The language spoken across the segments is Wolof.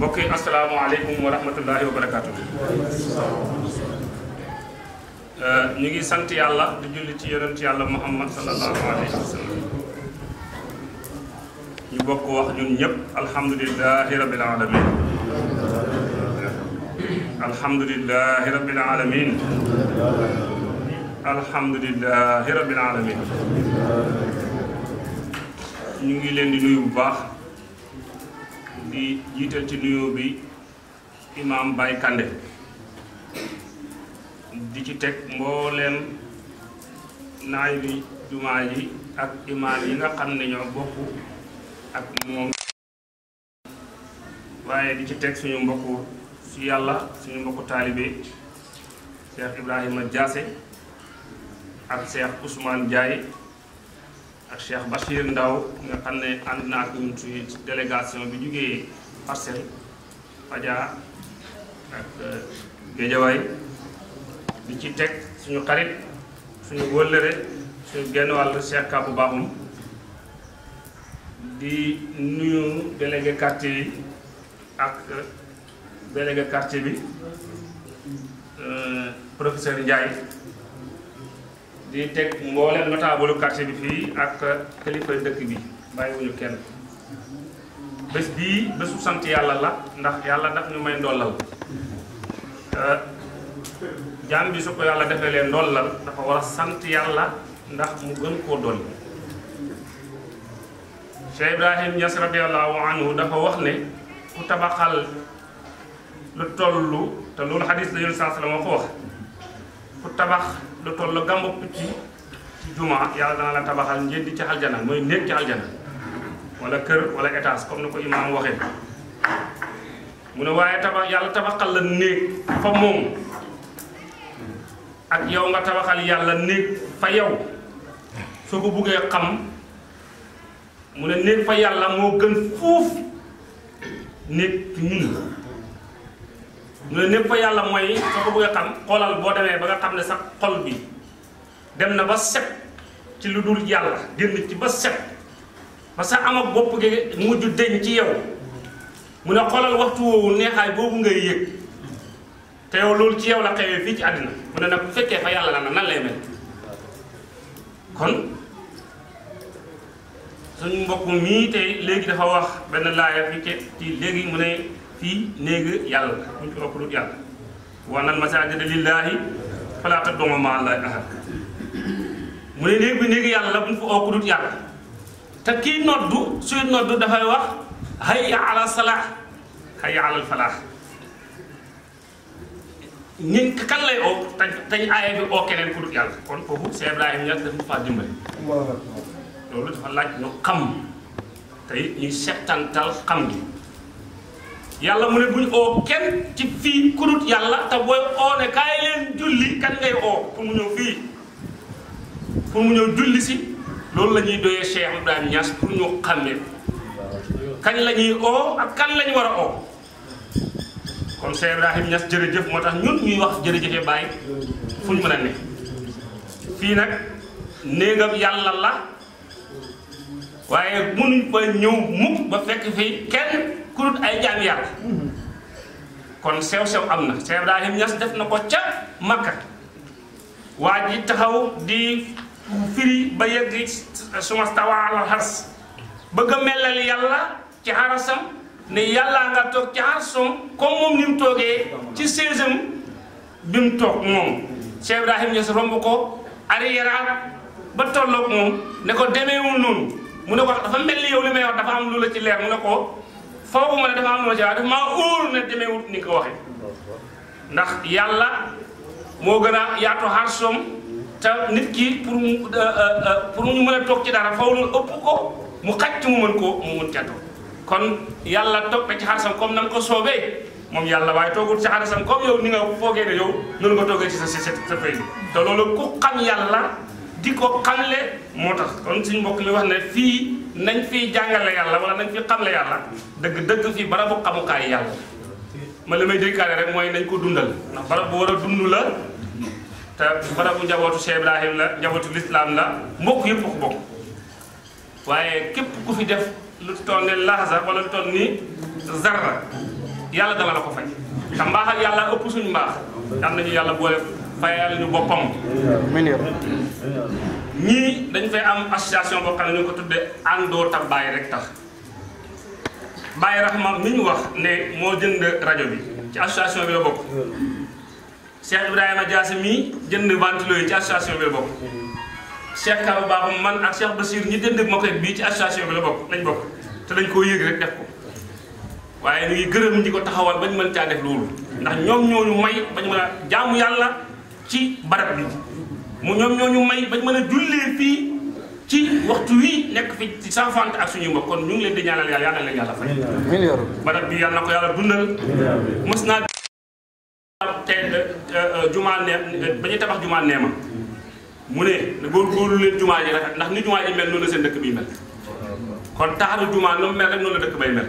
mbokk yi asalaamaaleykum wa rahmatullahi wa barakaatu. Euh, ñu ngi sant yàlla du julli ci yonent yàlla muhammad sallallahu alayhi wa sallam ñu bokk wax ñun ñëpp alhamdulilahi rabil alamin alhamdulilahi rabil alamin ñu ngi leen di nuyu bu baax di jiital ci nuyoo bi imaam Baye Kande di ci teg mbooleem naay bi jumaa yi ak imaam yi nga xam ne ñoo bokk ak moom waaye di ci teg suñu mbokku ci yàlla suñu mbokku taalibe Cheikh Ibrahima Diase ak Cheikh Ousmane Ndiaye ak Cheikh Bachir Ndaw nga xam ne ànd naa ak ñun ci bi jugee Parcelles Fadia ak euh, Géejawaay di ci teg suñu xarit suñu wëllëre suñu genn wàll Cheikh Kabou Baaxum di nuyu délégué quartier yi ak euh, délégué quartier bi euh, professeur Ndiaye di teg mboolem notable quartier bi fii ak kilifa dëkk bi bàyyiwuñu kenn bés bii bésu sant yàlla la ndax yàlla daf ñu may ndollal euh, jaam bi su ko yàlla defee leen ndollal dafa war a sant yàlla ndax mu gën koo dolli Cheikh Ibrahim Niass radiyallahu anhu dafa wax ne ku tabaxal lu tollu te loolu xadis la yéen saa sallam ko wax ku tabax lu toll gàmmu ci juma yàlla dana la tabaxal njënd ci aljana mooy néeg ci aljana wala kër wala étage comme ni ko imaam waxee mu ne waaye tabax yàlla tabaxal la néeg fa moom ak yow nga tabaxal yàlla néeg fa yow soo ko buggee xam mu ne néeg fa yàlla moo gën fuuf néeg ci ñun ñu ne népp fa yàlla mooy soo ko bëgg a xam xoolal boo demee ba nga xam ne sax xol bi dem na ba set ci lu dul yàlla génn ci ba set ba sa am ak bopp gi mujj deñ ci yow mu ne xoolal waxtu woowu neexaay boobu ngay yëg te yow loolu ci yow la xewee fii ci àddina mu ne nag bu fekkee fa yàlla la na nan lay mel kon suñ mbokk mii tey léegi dafa wax benn laaya fi ci léegi mu ne fii néeg yàlla la buñ ko roppalut yàlla wa annal masaajida lillaahi falaa tad'uu ma'a llaahi ahad mu ne néeg bi néeg yàlla la buñ fa ookudut yàlla te kii noddu suy noddu dafay wax hayya ala salaah hayya ala falaah ñun kan lay oo te tey aaya bi oo keneen ku yàlla kon foofu Cheikh Ibrahima Niass dafa faa dimbali loolu dafa laaj ñu xam tey ñuy settantal xam gi yàlla mu ne buñ oo kenn ci fii kurut yàlla te booy oo ne kaay leen julli kan ngay oo pour mu ñëw fii pour mu ñëw julli si loolu la ñuy doyee Cheikh Ibrahima Niass pour ñu xàmmee kañ la oo ak kan la war a oo kon Cheikh Ibrahima Niass jërëjëf moo tax ñun ñuy wax jërëjëfe bàyyi fu ñu mën a ne fii nag néegam yàlla la waaye mënuñ fa ñëw mukk ba fekk fii kenn kurut ay jaam yàlla kon sew-sew am na se Ibrahim Niass def na ko ca Makka waa ji taxaw di firi ba yegg suma stawaa alal xars bëgg a melal yàlla ci xarasam ne yàllaa nga toog ci xarasam comme moom ni mu toogee ci saisam bi mu toog moom Cheikh Ibrahim Niass romb ko arrière ba tolloog moom ne ko demeewul noonu mu ne ko dafa mel yow li may dafa am lu la ci leer mu ne ko fooguma ne dafa ma ci wax daf maa óor ne demee wut ni ko waxe ndax yàlla moo gën a yaatu xarsoom ta nit kii pour mu euh, euh, euh, pour mu mën a toog ci dara faw loolu ëpp ko mu xaj mu mën ko mu mën ca toog kon yàlla toog na ci xarsoom comme na nga ko soobee moom yàlla waaye toogul ci xarsoom comme yow ni nga foogee ne yow noonu nga toogee ci sa sa sa fay te loolu ku xam yàlla di ko xamle moo tax kon suñu mbokk mi wax ne fii. nañ fi jàngale yàlla wala nañ fi xamle yàlla dëgg dëgg fii barabu xamukaay yàlla ma li may dénkaane rek mooy nañ ko dundal ndax barab war a dund la te barabu njabootu Cheikh Ibrahim la njabootu lislaam la mbokk yëpp ko bokk waaye képp ku fi def lu toll ne laxasa wala lu ni zarra yàlla dama la ko fay te mbaaxal yàlla ëpp suñu mbaax am nañu yàlla boole fayal ñu boppam ñii dañ fay am association boo xam ñu ko tudde àndoo tam bàyyi rek tax bàyyi rahma mi wax ne moo jënd rajo bi ci association bi la bokk Cheikh Ibrahima Diasse jënd ventilo yi ci association bi la bokk Cheikh Kaba Baaxum man ak Cheikh Basir ñi jënd moquette bii ci association bi la bokk lañ bokk te lañ koo yëg rek def ko waaye ñu ngi gërëm ñi ko taxawal bañ mën caa def loolu ndax ñoom ñooñu may bañ mën a jaamu yàlla ci barab bi mu ñoom ñoo ñu may bañ mën a jullee fii ci waxtu wii nekk fi ci saafante ak suñuy mbokk kon ñu ngi leen di ñaanal yàlla yàlla leen yàlla fay. milliard barab bi yàlla na ko yàlla dundal. mës naa te euh, euh, jumaa ne ba ñu tabax jumaa neema mu ne góorgóorlu leen jumaa ji rafet ndax ni jumaa ji mel noonu la seen dëkk bi mel. kon taaru jumaa noonu mel rek noonu la dëkk bay mel.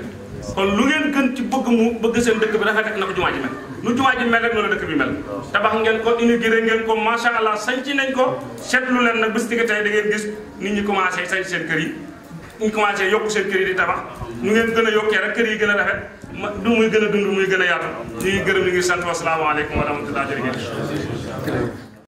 kon lu ngeen gën ci bëgg mu bëgg seen dëkk bi rafet rek na ko jumaa ji mel. nu jumaa ji mel rek noonu dëkk bi mel tabax ngeen ko inauguré ngeen ko macha allah sañ ci nañ ko seetlu leen nag bés tey da ngeen gis nit ñi commencé sañ seen kër yi ñu commencé yokk seen kër yi di tabax ñu ngeen gën a yokkee rek kër yi gën a rafet du muy gën a dund muy gën a yaatu ñu ngi gërëm ñu ngi sant wasalaamaaleykum wa rahmatulah jërëjëf